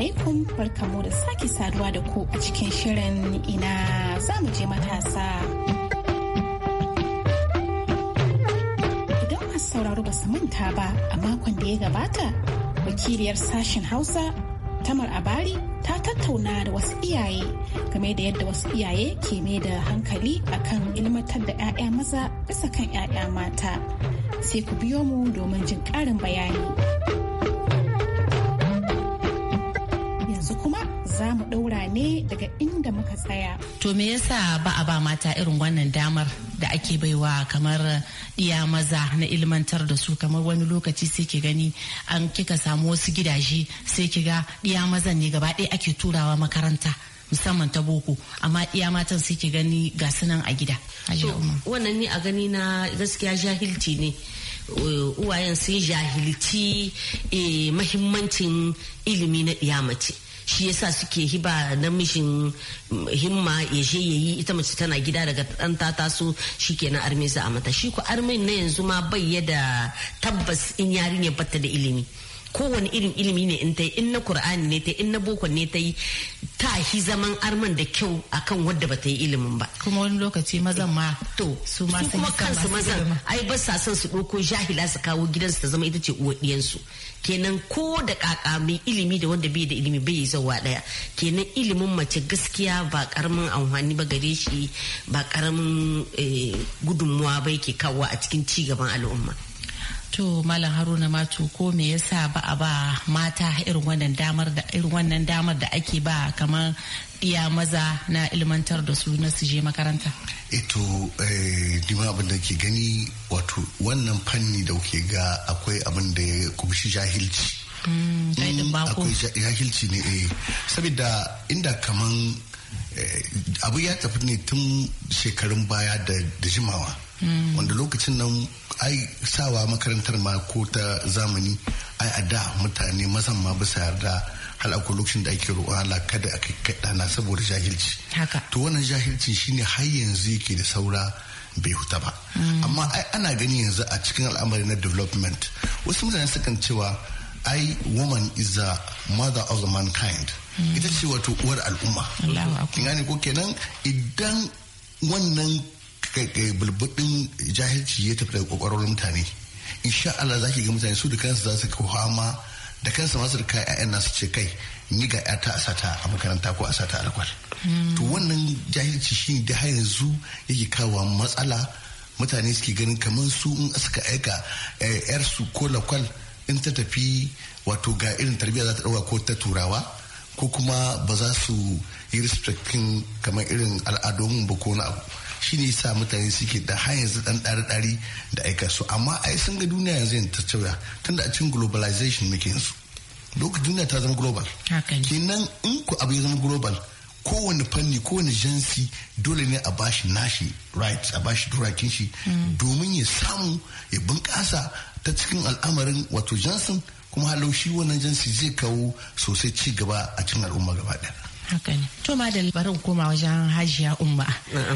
alaikum barkamu da sake saduwa da ku a cikin shirin ina za mu je matasa. Idan masu sauraro ba su manta ba a makon da ya gabata, wakiliyar sashen Hausa Tamar Abari ta tattauna da wasu iyaye game da yadda wasu iyaye ke mai da hankali akan ilmantar da 'ya'ya maza bisa kan 'ya'ya mata. Sai ku biyo mu domin jin ƙarin bayani. To me yasa ba a ba mata irin wannan damar da ake baiwa kamar iya maza na ilmantar da su kamar wani lokaci sai ki gani an kika samu wasu gidaje sai ki ga iya mazan ne gaba ɗaya ake turawa makaranta. musamman ta boko amma iya matan ki gani ga sunan a gida wannan ni a gani na gaskiya jahilci ne uwayen sun jahilci eh, mahimmancin ilimi na ɗiya mace shi yasa suke hiba namijin himma ya je ya yi ita mace tana gida daga dan ta taso shikenan arme a mata shi ku armen na yanzu ma bai da tabbas in yarinya bata da ilimi kowane irin ilimi ne in ta yi in na kur'ani ne ta in na boko ne ta yi ta zaman arman da kyau akan wadda ba ta yi ilimin ba kuma wani lokaci mazan ma to su ma kuma kansu mazan ai ba sa son su ɗauko jahila su kawo gidansu ta zama ita ce uwar kenan ko da kaka mai ilimi da wanda bai da ilimi bai yi zawa daya kenan ilimin mace gaskiya ba karamin amfani ba gare shi ba karamin eh, gudunmuwa ba yake kawo a cikin ci gaban al'umma To Malam Haruna Matu ko me yasa ba a ba mata irin wannan damar da irin wannan damar da ake ba kamar iya maza na ilmantar da su na su je makaranta? Ito eh dima eh, abin da ke gani wato wannan fanni da kuke ga akwai abin da ya kumshi jahilci. Hmm, mm, akwai jahilci ne eh saboda inda kaman eh, abu ya tafi ne tun shekarun baya da jimawa. wanda lokacin nan ai sawa makarantar ma ko ta zamani ai a da mutane mazan ma bisa yarda hal akwai lokacin da ake roƙon Allah kada a kai saboda jahilci to wannan jahilci shine har yanzu yake da saura bai huta ba mm. amma ai ana gani yanzu a cikin al'amari na development wasu mutane sukan cewa ai woman is the mother of the mankind mm. ita ce wato uwar al'umma kin gane ko kenan idan wannan bulbudin jahilci ya tafi daga kwakwalwar mutane insha Allah za ki ga mutane su da kansu za su ma da kansu masu da kai ƴaƴan nasu ce kai ni ga ta a sata a makaranta ko a sata a lakwal hmm. to wannan jahilci shi da har yanzu yake kawo matsala mutane suke ganin kamar su in suka aika yar eh, su ko lakwal in ta tafi wato ga irin tarbiyya za ta ɗauka ko ta turawa ko kuma ba za su yi respectin kamar irin al'adun ba ko na abu shine sa mutane suke da har yanzu dan ɗari dare da aika su amma ai sun ga duniya yanzu ta cewa tunda a cikin globalization muke yanzu lokacin duniya ta zama global kenan in ku abu ya zama global kowane fanni kowane jansi dole ne a bashi nashi right a bashi turakin shi mm. domin ya samu ya bunƙasa ta cikin al'amarin wato jansin kuma halau shi wannan jansi zai kawo sosai ci gaba a cikin al'umma gaba ɗaya haka ne to da barin koma wajen hajiya umma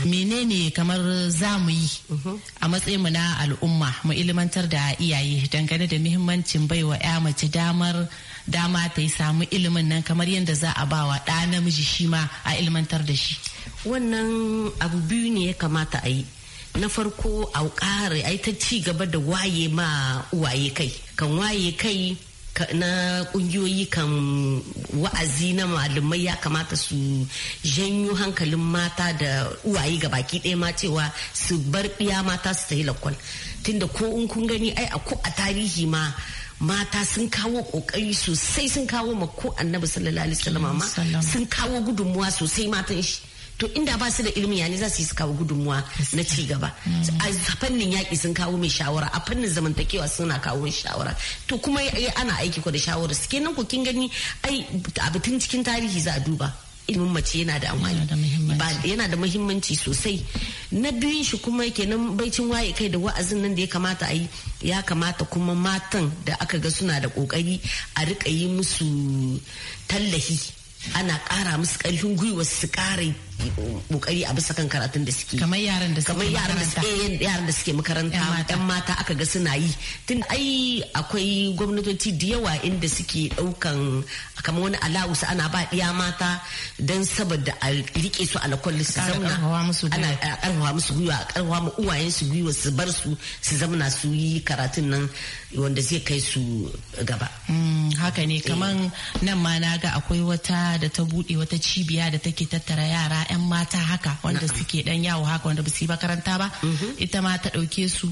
menene kamar za mu yi mhm. a matsayin mu na al'umma mu ilmantar da iyaye dangane da muhimmancin baiwa ya mace damar dama ta yi samu ilimin nan kamar yadda za a ba wa ɗa namiji shi ma a ilmantar da shi wannan abu biyu ne ya kamata a yi na farko a ƙara ai ta ci gaba da waye ma uwaye kai kan waye kai na kungiyoyi kan wa'azi na malamai ya kamata su janyo hankalin mata da uwaye ga baki ɗaya ma cewa su bar ɓiya mata su ta yi lakon tunda ko in kun gani ai a ko a tarihi ma mata sun kawo kokari sosai sun kawo ma ko annabi sallallahu alaihi wasallam ma sun kawo gudunmuwa sosai matan shi to inda ba su da ilimi ya ne za su yi su kawo gudunmuwa na ci gaba mm. a fannin yaƙi sun kawo mai shawara a fannin zamantakewa suna kawo mai shawara to kuma ana aiki ko da shawara su kenan ku kin gani ai a batun cikin tarihi za a duba ilimin mace yana da amfani yana da muhimmanci sosai na biyun shi kuma kenan baicin waye kai da wa'azin nan da ya kamata a yi ya kamata kuma matan da aka ga suna da kokari a riƙa yi musu tallafi ana ƙara musu ƙarfin gwiwa su kara kokari a bisa kan karatun da suke kamar yaran da suke kamar eh, yaran da suke yaran da suke makaranta yan mata aka ga suna yi tun ai akwai gwamnatoci da yawa inda suke daukan kamar wani alawus ana ba iya mata dan saboda a rike su alakwal su zauna ana karfafa musu gwiwa a karfafa mu uwayen su gwiwa su bar su su zauna su yi karatun nan wanda zai kai su gaba mm, haka ne eh. kamar nan ma na ga akwai wata da ta bude wata cibiya da take tattara yara 'yan mata haka wanda suke ɗan yawo haka wanda ba su yi makaranta ba mhm. ita ma ta ɗauke su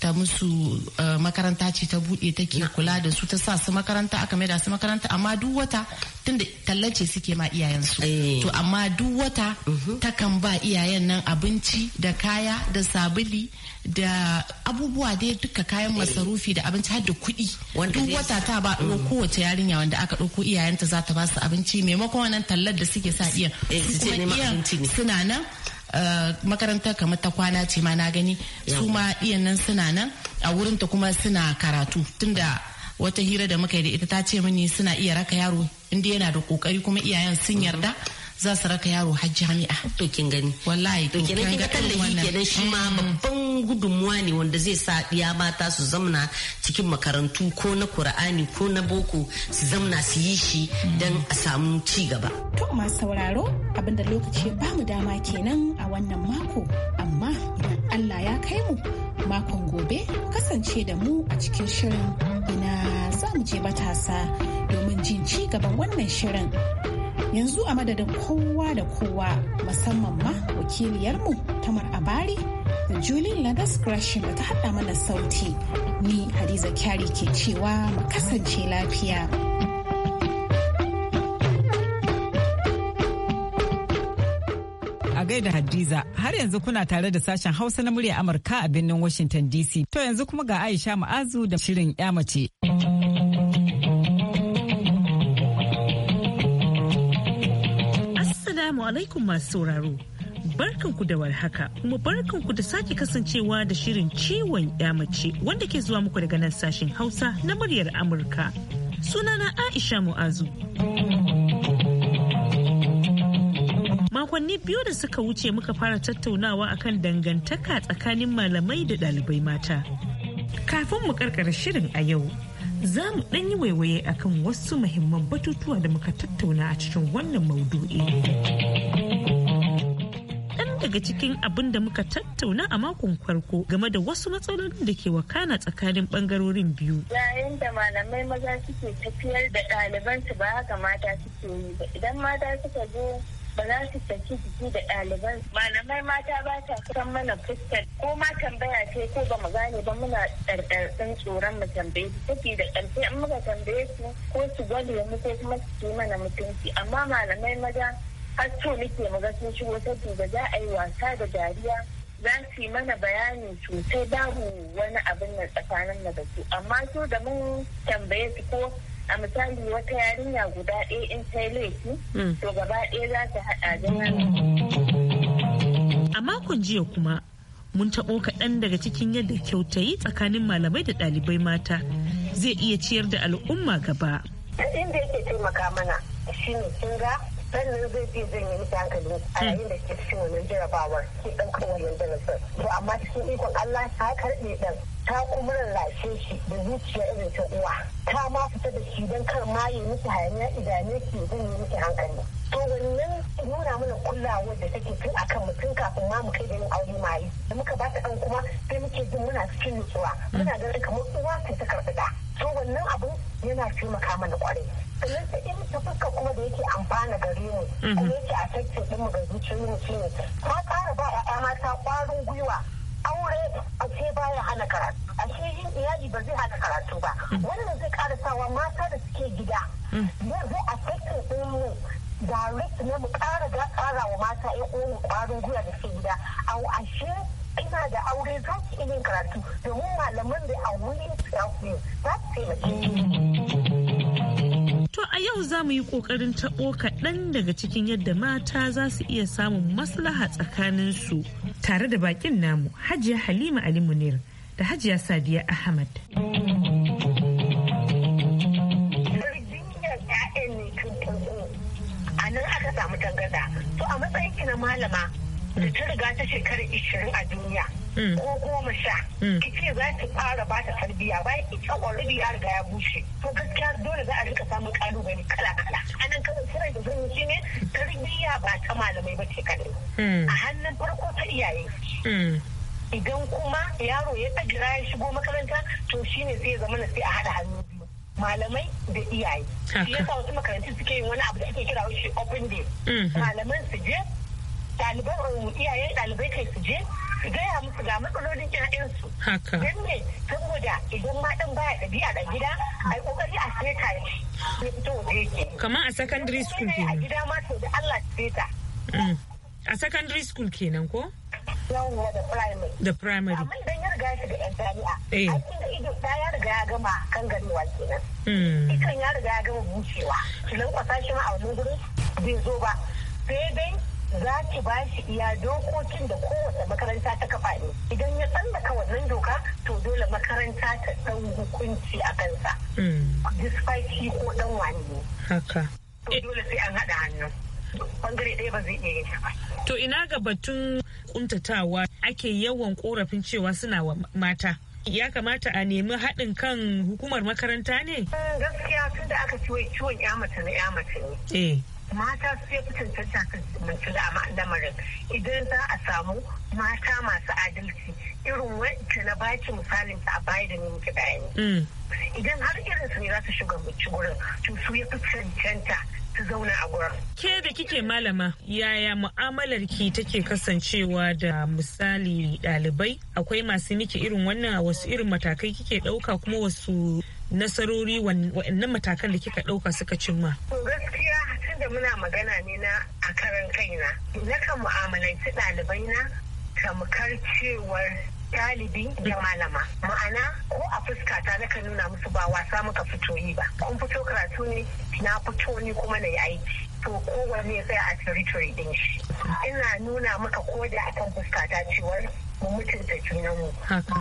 ta musu eh, makaranta ce ta buɗe take kula da su ta sa su makaranta aka da su makaranta amma duk wata tunda tallace suke ma iyayensu eh. to amma duk wata mhm. takan ba iyayen nan abinci da kaya da sabili da abubuwa dai duka kayan eh. masarufi da abinci har da kuɗi duk wata ta ba ɗauko mhm. kowace yarinya wanda aka ɗauko iyayenta za ta ba su abinci maimakon wannan tallar da suke sa iyan suna nan Eh, makarantar kamar ta kwana ce ma na gani su ma iyan nan suna nan a wurinta kuma suna karatu tunda wata hira da muka yi da ita ta ce mini suna iya raka yaro inda yana da kokari kuma iyayen sun yarda za su raka yaro har jami'a to kin gani wallahi to kin ga tallafi kenan shi ma mm. babban babban gudunmuwa ne wanda zai sa ɗiya mata su zamna cikin makarantu ko na kur'ani ko na boko su zamna su yi shi don a samu ci gaba. To masu sauraro abinda lokaci ba mu dama kenan a wannan mako amma idan Allah ya kai mu makon gobe kasance da mu a cikin shirin ina za mu je matasa domin jin ci gaban wannan shirin. yanzu a madadin kowa da kowa musamman ma wakiliyarmu tamar abari da Julie Gresham ba ta haɗa mana sauti. Ni Hadiza Kyari ke cewa mu kasance lafiya. A gaida Hadiza, har yanzu kuna tare da sashen Hausa na murya Amurka a birnin Washington DC. To yanzu kuma ga Aisha Ma'azu da shirin 'ya mace. Assalamu alaikum masu sauraro. barkanku da warhaka kuma barkanku da sake kasancewa da shirin ciwon mace wanda ke zuwa muku daga nan sashen Hausa na muryar Amurka. Sunana Aisha Mu'azu. makonni biyu da suka wuce muka fara tattaunawa akan dangantaka tsakanin malamai da ɗalibai mata kafin mu karkara shirin a yau za mu ɗan yi waiwaye akan wasu muhimman batutuwa da muka tattauna a cikin wannan maudu'i. daga cikin abin da muka tattauna a makon farko game da wasu matsalolin da ke wakana tsakanin bangarorin biyu. Yayin da malamai maza suke tafiyar da ɗalibansu ba haka mata suke yi ba. Idan mata suka zo ba za su tafi jiki da ɗaliban malamai mata ba ta san mana fuskar ko ma tambaya ce ko ba mu gane ba muna ɗarɗarɗin tsoron mu tambaye su take da ƙarfi in muka tambaye su ko su gwale mu ko kuma su mana mutunci amma malamai maza har to muke mu ga sun shigo saboda za a yi wasa da dariya za su yi mana bayani sosai babu wani abin na tsakanin na da su amma so da mun tambaye su ko a misali wata yarinya guda ɗaya in ta yi laifi hmm. to gaba ɗaya za ta haɗa da a makon jiya kuma mun taɓo kaɗan daga cikin yadda kyautayi tsakanin malamai da ɗalibai mata zai iya ciyar da al'umma gaba. ɗan Inda yake taimaka mana shi ne sun ga sannan zai je zai yi hankali a yayin da ke cikin wannan jarabawar ke ɗaukar wannan jarabawar to amma cikin ikon Allah ta karɓe ɗan ta kuma rarrashe shi da zuciya irin ta uwa ta ma fita da shi don kar ma yi miki hayaniya idan ki zai yi miki hankali to wannan nuna mana kulawa da take tun akan mutum kafin ma mu kai da yin aure maye da muka ba ta ɗan kuma sai muke jin muna cikin nutsuwa muna ganin kamar uwa ce ta karɓi ɗa to wannan abun yana taimaka mana kwarai sannan ta irin ta fuska kuma da yake amfana gare mu mhm. kuma yake a tattalin din mu ga zuciyoyin mu ta ƙara ba yaya mata ƙwarin gwiwa aure a ce baya hana karatu a ce yin iyali ba zai hana karatu ba mhm. wannan zai ƙara sawa mata da suke gida mhm. zai a tattalin din mu direct ne mu ƙara ga ƙara wa mata ya uwan ƙwarin gwiwa da suke gida a ashe ina da aure za ki iya karatu domin malaman da a wuri za su taimake za mu yi ƙoƙarin taɓo kaɗan daga cikin yadda mata za su iya samun maslaha tsakaninsu tare da bakin namu Hajiya Halima Ali Munir da Hajiya Sadiya Ahmad. A nan aka samu a matsayin na malama da ta riga ta shekarar 20 a duniya. Mm. ko goma sha mm. ki ce za ki fara ba ta tarbiyya bayan ta already ya riga ya bushe Ko gaskiya dole za a rika samun kalubale kala kala anan kawai kiran da zan yi ne tarbiya ba ta malamai ba ce kadai mm. a hannun farko ta iyaye idan kuma yaro ya tsagira ya shigo makaranta to shine sai ya zama sai a haɗa hannu biyu malamai da iyaye shi yasa wasu makarantu suke yin wani abu da ake kira shi open day mm-hmm. malaman su je ɗaliban iyayen ɗalibai kai su je gaya musu ga matsalolin ƴaƴansu. Haka. Don me saboda idan ma ɗan baya ɗabi'a da gida a yi ƙoƙari a seta shi. Kamar a secondary school kenan. A gida ma to da Allah seta. Mm. A secondary school kenan ko? yawon da primary. Da primary. Amma idan ya riga shiga yan jami'a. Eh. Aikin da ido ta ya riga ya gama kan ganewa kenan. Mm. Ikan ya riga ya gama bushewa. Kilan kwasa shi ma a wani gurin bai zo ba. Sai dai za ki ba shi iya dokokin da kowace makaranta ta kafa ne idan ya tsallaka wannan doka to dole makaranta ta ɗan hukunci a kansa hmm. despite shi ko ɗan wani ne haka to dole sai an haɗa hannu bangare ɗaya ba zai iya yin ba to ina ga batun kuntatawa ake yawan korafin cewa suna wa mata ya kamata a nemi haɗin kan hukumar makaranta ne? Hmm, gaskiya tun da aka ciwo ciwon ya mace na ya mace ne eh. mata su ya cancanta kan mace lamarin idan za a samu mata masu adalci irin wancan na baki misalin a baya da ni muke mm. idan har irin su ne za su shugabanci gurin to su ya fi cancanta su zauna a gurin. Ke da kike malama yaya mu'amalar ki take kasancewa da misali ɗalibai akwai masu miki irin wannan a wasu irin matakai kike ɗauka kuma wasu nasarori waɗannan matakan da kika ɗauka suka cimma. Gaskiya da muna magana ne na a karan kaina kan mu'amalanci ɗalibai na tamkar cewar ɗalibi da malama ma'ana ko a fuskata na kan nuna musu ba wasa muka fito yi ba kun fito karatu ne na fito ni kuma na yi aiki to ya sai a territory din shi ina nuna maka ko da akan fuskata cewar mu mutunta junanmu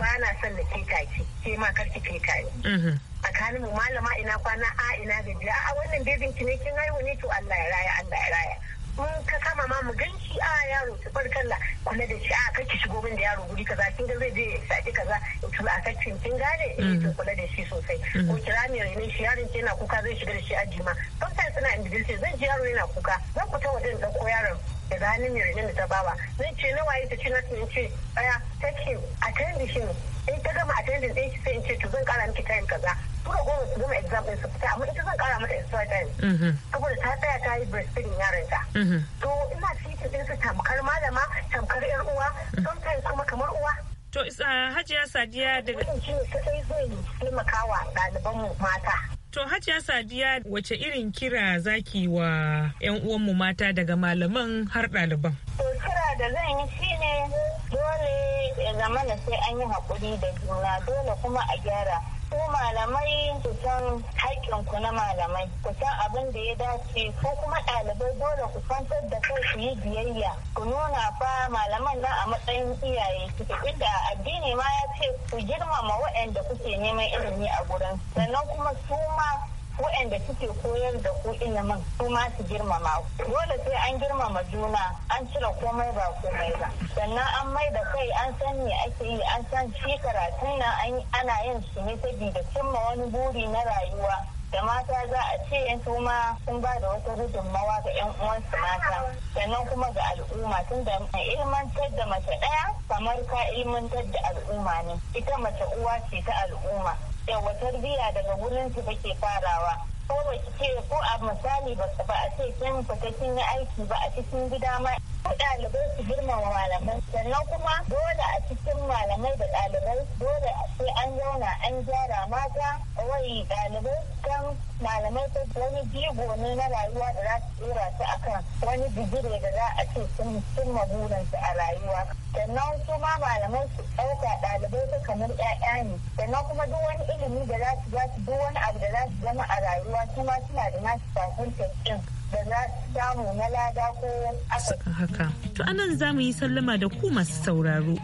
ba na son da ke kaki ke ma karki ke kayi mhm. tsakanin mu malama ina kwana a ina gajiya a wannan bebin ki ne kin haihu ne to Allah ya raya Allah ya raya mun ka kama ma mu ganki a yaro ki barkalla kula da shi a kake shigo min da yaro guri kaza kin ga zai je saki kaza to a kacin kin gane eh mhm. to kula da shi sosai mhm. ko kira mai ne shi yaron yana kuka zai shiga da shi aji ma sometimes suna individual zan ji yaro yana kuka zan fita wajen dauko yaron da ranar ne ta bawa zai ce na waye ta ce na ce daya take yi shi in ta gama a ta din shi sai in ce to zan kara miki time kaza tura goma su gama exam din su fita amma ita zan kara mata extra time mhm. saboda ta tsaya ta yi breastfeeding ta mhm. to ina cikin din su tamkar malama tamkar yar uwa mhm. sometimes kuma kamar uwa To Hajiya Sadiya daga. Wannan shi ne sai zai taimakawa ɗaliban mata. To Hajiya Sadiya wace irin kira zaki wa 'yan uwanmu mata daga malaman har ɗaliban? To kira da zan yi shine dole ya zamana sai an yi haƙuri da juna dole kuma a gyara. Ko malamai su san haƙƙin ku na malamai, ku san abin da ya dace ko kuma ɗalibai dole ku fantar da kai su yi biyayya. Ku nuna fa malaman nan a matsayin iyaye suke inda addini ma ya ce ku girmama waɗanda kuke neman ilimi a gurin. Sannan kuma su ma waɗanda suke koyar da ku ilimin su ma su girmama ku dole sai an girmama juna an cire komai ba komai ba sannan an mai da kai an san me ake yi an san shi karatun na ana yin su ne da cimma wani buri na rayuwa da mata za a ce yan ma sun ba da wata gudunmawa ga yan uwansu mata sannan kuma ga al'umma tun da ilmantar da mace ɗaya kamar ka ilmantar da al'umma ne ita mace uwa ce ta al'umma yawa tarbiyya daga wurin ki ke farawa ko ba ce ko a misali ba a ce kin fita kin yi aiki ba a cikin gida ma ko dalibai su girmama malamai sannan kuma dole a cikin malamai da dalibai dole sai an zauna an gyara mata wai dalibai kan malamai ta wani jigo ne na rayuwa da za su tsira su akan wani bigire da za a ce sun cimma burinsu a rayuwa sannan kuma malaman su ɗauka ɗalibai su kamar ƴaƴa ne sannan kuma duk wani ilimi da za su su duk wani abu da za su zama a rayuwa su ma suna da nasu sakon tafiyan da za su samu na lada ko haka. To anan za mu yi sallama da ku masu sauraro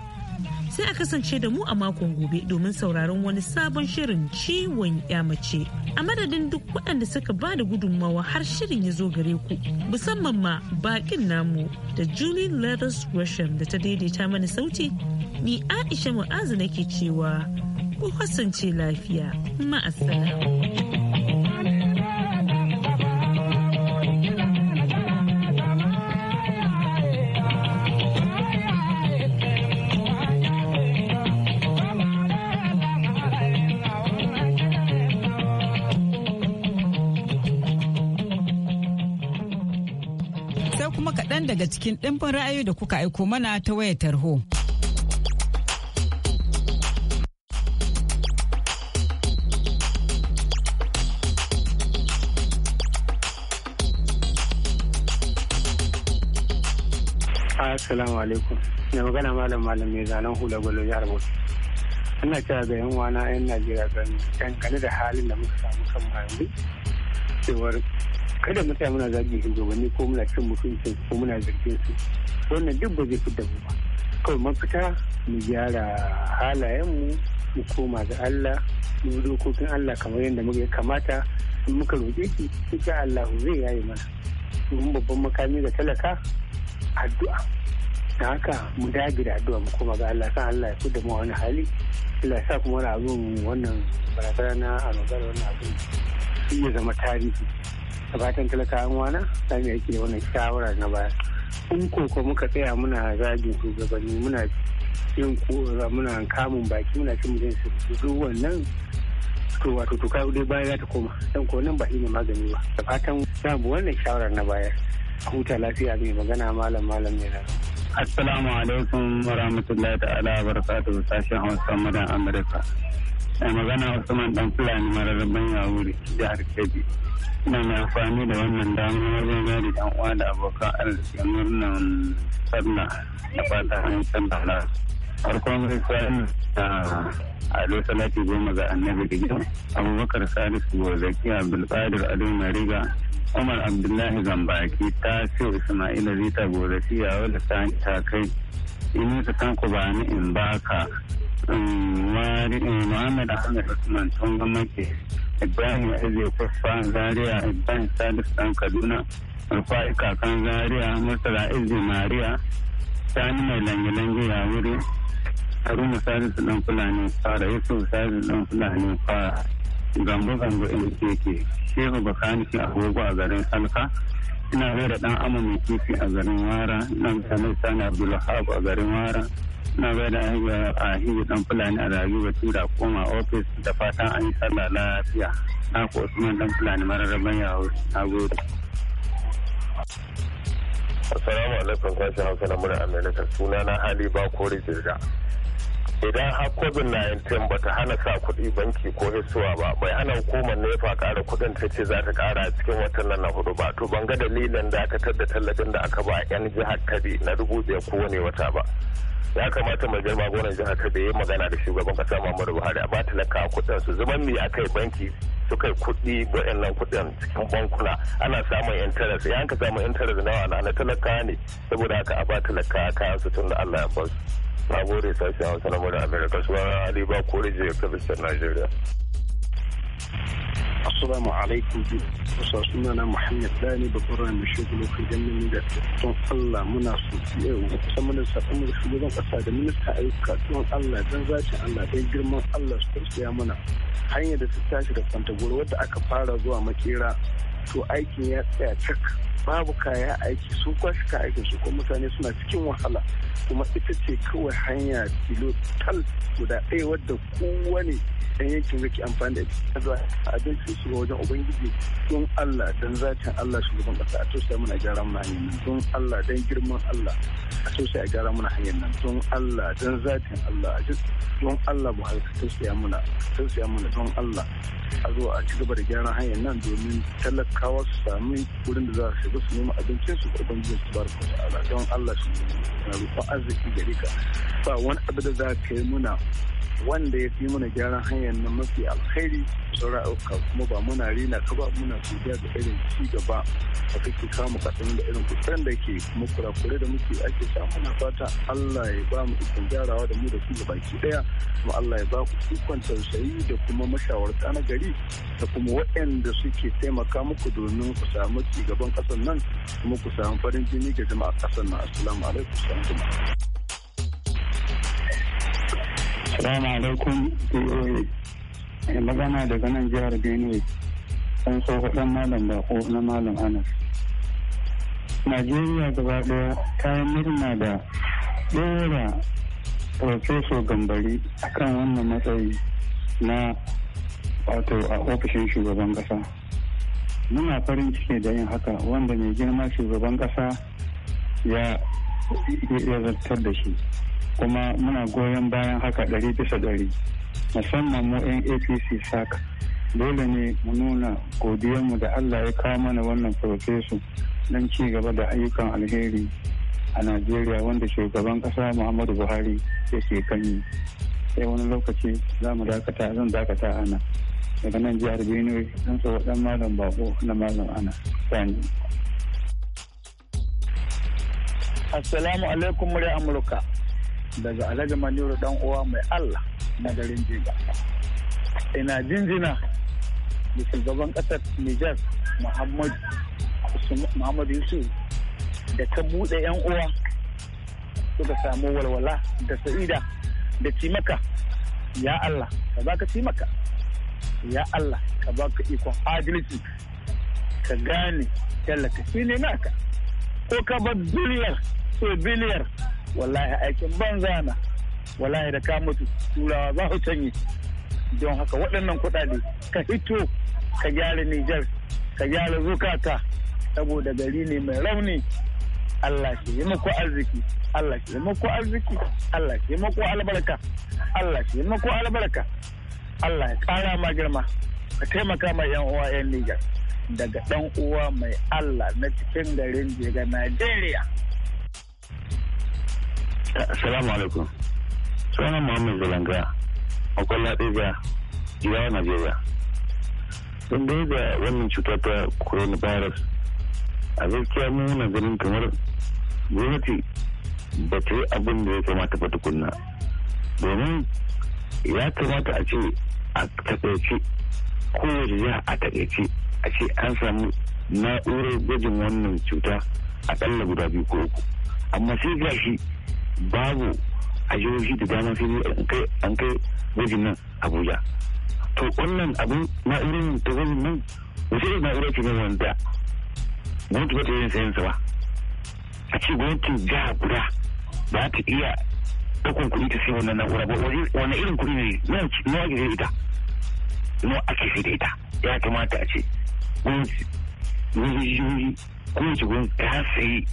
sai a kasance da mu a makon gobe domin sauraron wani sabon shirin ciwon ya mace a madadin duk waɗanda suka ba da gudunmawa har shirin ya zo gare ku musamman ma bakin namu da julie leathers gresham da ta daidaita mana sauti ni aisha mu'azu nake cewa ku kasance lafiya ma'asala. kaɗan daga cikin ɗimbin ra'ayoyi da kuka aiko mana ta wayar tarho. Assalamu alaikum. Na magana malam malam mai zanen hula gwalo jihar Bauchi. Ina cewa ga yan wana yan Najeriya zan dangane da halin da muka samu kan mayu Cewar kada mu sa muna zagin shugabanni ko muna cin mutunci ko muna zargin su wannan duk ba zai fi da mu ba kawai mafita mu gyara halayenmu mu koma ga Allah mu dokokin Allah kamar yadda muka kamata in muka roƙe shi insha Allah zai yaye mana domin babban makami ga talaka addu'a da haka mu dage da addu'a mu koma ga Allah san Allah ya fi da mu wani hali Allah ya sa kuma wani abin wannan barazana a annobar wannan abin shi ya zama tarihi da fatan an wana ta ne ake wani shawara na baya in koko muka tsaya muna zagin shugabanni muna yin kora muna kamun baki muna cin mutum su duk wannan to wato to kai dai baya za ta koma dan ko nan ba ne magani ba A fatan za mu wannan shawara na baya huta lafiya mai magana malam malam ne Assalamu alaikum warahmatullahi ta'ala barakatuhu sashen Hausa madan Amurka. A magana Usman dan Fulani mararraban Yawuri jihar Kebbi. na mai amfani da wannan damar wajen gari dan uwa da abokan arziki murnan sallah da fata an san bala farkon rikon da ado salati goma ga annabi riga abubakar salisu gozaki abdulkadir ado mariga umar abdullahi gambaki tasiu Isma'il, zita gozaki yawo da sani takai inusa tanko ba ni in baka um, um, muhammad ahmed usman tunga ibrahim eze Fafa zaria ibrahim Sadiq dan kaduna alfa'i kakan zaria murtala eze maria sani mai lange-lange ya wuri haruna salisu dan fulani fara yusuf salisu dan fulani fara gambo gambo in shehu bakani ke agogo a garin salka ina rera ɗan amma mai kifi a garin wara ina mutane sani abdullahi a garin wara na ba da haihuwa a hinge san fulani a rayu tura koma ofis da fatan an yi sallah lafiya na ku usman dan fulani ya yawo na gode assalamu alaikum kwanci hausa na mura america suna na hali ba kore jirga idan har covid 19 bata hana sa kuɗi banki ko hisuwa ba bai hana hukumar nefa ƙara kuɗin ta ce za ta ƙara cikin watan nan na hudu ba to ban ga dalilin da aka tadda tallafin da aka ba yan jihar kadi na dubu biyar kowane wata ba ya kamata mai girma gonan jihar ta da ya magana da shugaban kasa muhammadu buhari a ba talaka kuɗin su zaman mi a kai banki su kai kuɗi waɗannan kuɗin cikin bankuna ana samun interest ya ka samun interest nawa na na talaka ne saboda haka a na kawo kayan su tun da allah ya basu na gode sashen hausa na mura amerika suna ali ba kore je kafin najeriya Assalamu alaikum kusa suna na Muhammad Dani babbar mai shugaban kudin da don Allah muna so kusa mana sakon da shugaban kasa da minista ayyuka tun Allah don zacin Allah don girman Allah su kursaya mana hanyar da ta tashi da kwanta wadda aka fara zuwa makera to aikin ya tsaya cak babu kaya aiki su kwashi ka aikin su kuma mutane suna cikin wahala kuma ita ce kawai hanya kilo tal guda ɗaya wadda kowane ɗan yankin zaki amfani da ita abinci su ga wajen ubangiji don Allah don zatin Allah shugaban ƙasa a tosai muna gyara muna hanyar nan don Allah don girman Allah a tosai a gyara muna hanyar nan don Allah don zatin Allah a don Allah mu halka tosai muna tosai muna don Allah a zo a ci gaba da gyaran hanyar nan domin talaka kawo su sami wurin da za su shiga su nema abincin su ko ubangiji su bar ku ala don Allah shi na rufa arziki gare ka ba wani abu da za ka yi muna wanda ya fi mana gyaran hanyar nan mafi alkhairi saura ɗauka kuma ba muna rina ka ba muna kujiya da irin ci gaba a kake kama kasan da irin kusan da ke kuma kurakure da muke ake sa muna fata Allah ya ba mu ikon gyarawa da mu da gaba baki ɗaya kuma Allah ya ba ku ikon tausayi da kuma mashawarta na gari da kuma waɗanda suke taimaka muku domin ku samu ci gaban ƙasar nan kuma ku samu farin jini ga jama'a ƙasar nan assalamu alaikum Salamu alaikum VOA. Eh, magana daga nan jihar Benue. Ɗan tsohon malam bako na malam Anas. Najeriya gaba ɗaya ta yi murna da ɗora Profeso Gambari akan wannan matsayi na wato a ofishin shugaban ƙasa. Muna farin ciki da yin haka wanda mai girma shugaban ƙasa ya zartar da shi. kuma muna goyon bayan haka ɗari bisa ɗari musamman mu 'yan apc saka dole ne mu nuna godiyarmu da allah ya kawo mana wannan farfesu don ci gaba da ayyukan alheri a najeriya wanda shugaban ƙasa muhammadu buhari yake kan yi sai wani lokaci za mu dakata zan dakata ana daga nan jihar benue don sau dan malam bako na malam ana sani assalamu alaikum murya amurka daga alhaji maniru dan uwa mai allah na garin jiga ina jinjina da shugaban kasar niger muhammad yusuf da ta buɗe yan uwa suka samu walwala da sa'ida da cimaka ya allah ka baka cimaka ya allah ka baka ikon adalci ka gane tallaka shi ne naka ko ka bar biliyar so biliyar wallahi aikin banza na wallahi da ka mutu turawa za su canye don haka waɗannan kuɗaɗe ka hito ka gyara Nijar ka gyara zukata saboda gari ne mai rauni Allah shi yi muku arziki Allah shi yi muku arziki Allah shi yi muku albarka Allah shi yi muku albarka Allah ya ƙara ma girma ka taimaka ma yan uwa yan Nijar daga ɗan uwa mai Allah na cikin garin Jega Najeriya. Assalamu alaikum. Sunan Muhammad Zalanga, Makwalla Ɗaya, Jiyawa Najeriya. Sun dai da wannan cuta ta coronavirus a gaskiya mu na ganin kamar gwamnati ba ta yi abin da ya kamata ba tukunna. Domin ya kamata a ce a ko kowace jiha a taƙaice a ce an samu na'urar gwajin wannan cuta a akalla guda biyu ko uku. Amma sai gashi babu a jihohi da dama sai an kai gwajin nan abuja to wannan abu na ta gwajin nan wasu irin na'ura ce ne wanda gwamnati ba ta yin sayansa ba a ce gwamnatin jiha guda ba ta iya ɗaukan kuɗi ta sai wannan na'ura ba wani irin kuɗi ne na ake sai ita na ake sai da ita ya kamata a ce gwamnati gwamnati jihohi kowace gwamnati ta sayi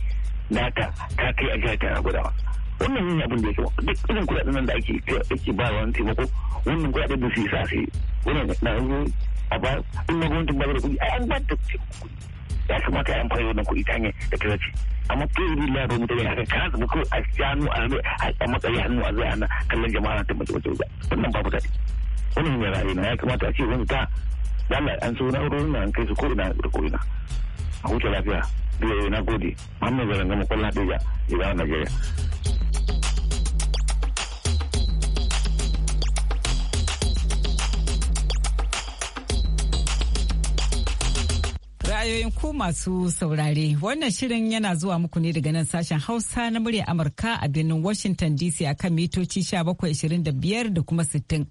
nata ta kai a jihar ta gudawa. wannan yin abin da ya kama duk irin kuɗaɗen nan da ake ake ba wani taimako wannan kuɗaɗen da su yi sa sai wannan na yanzu a ba in na gwamnatin ba da kuɗi ai an ba da ya kamata ya amfani wannan kuɗi ta hanyar da ta zace amma to yi billah ba mutane haka ka zama ko a hannu a hannu a matsayi hannu a zai hana kallon jama'a na taimaka mace mace wannan babu daɗi wannan yin ra'ayi na ya kamata a ce wani ta lalla an so na'urorin na an kai su ko ina da ko ina a huta lafiya biyu na gode muhammadu zaren gama kwallon haɗe ya idan najeriya ra'ayoyin ku masu saurare. Wannan shirin yana zuwa muku ne daga nan sashen Hausa na murya Amurka a birnin Washington DC a kan mitoci 1725 da kuma 60.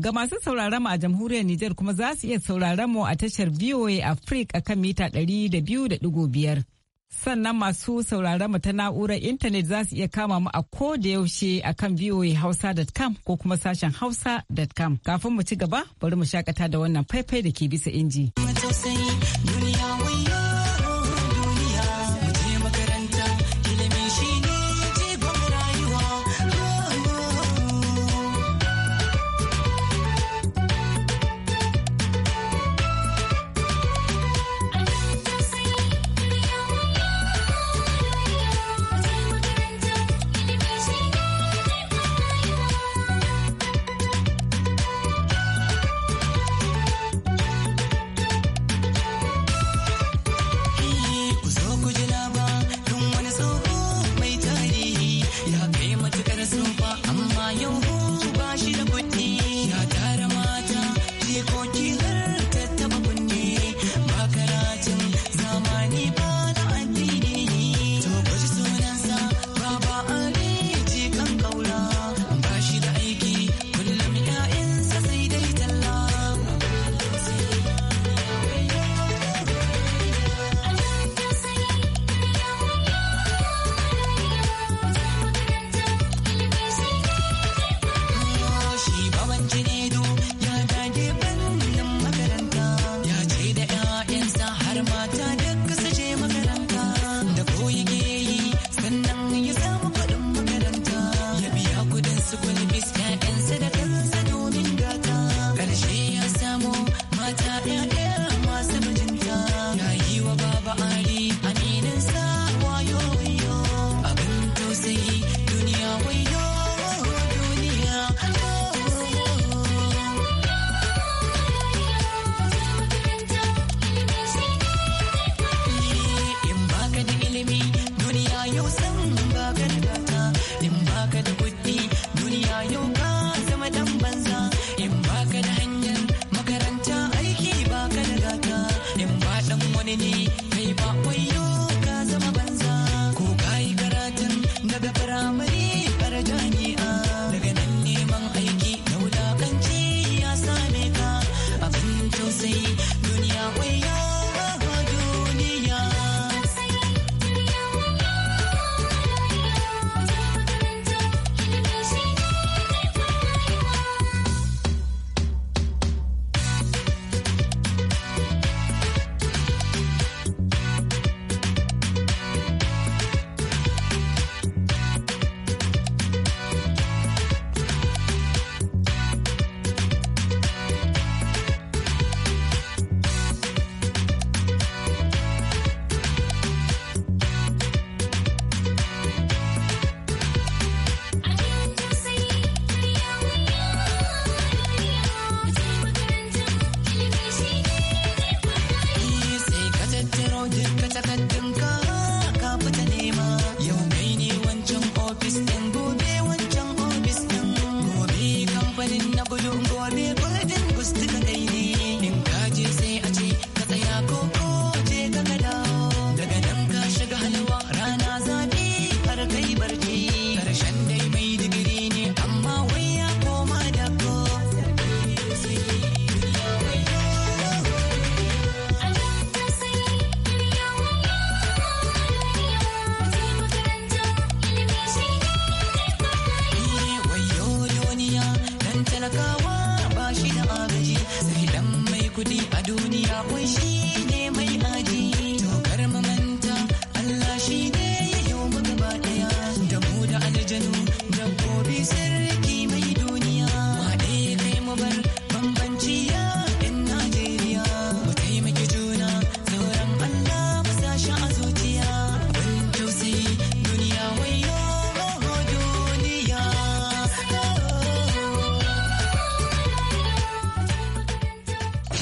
Ga masu sauraron mu a jamhuriyar Nijar kuma za su iya sauraron mu a tashar VOA Africa a kan mita 200.5. sannan masu sauraron mu ta na'urar intanet za su iya kama mu a ko da yaushe a kan voahausa.com ko kuma sashen hausa.com kafin mu ci gaba bari mu shakata da wannan faifai da ke bisa inji. duniya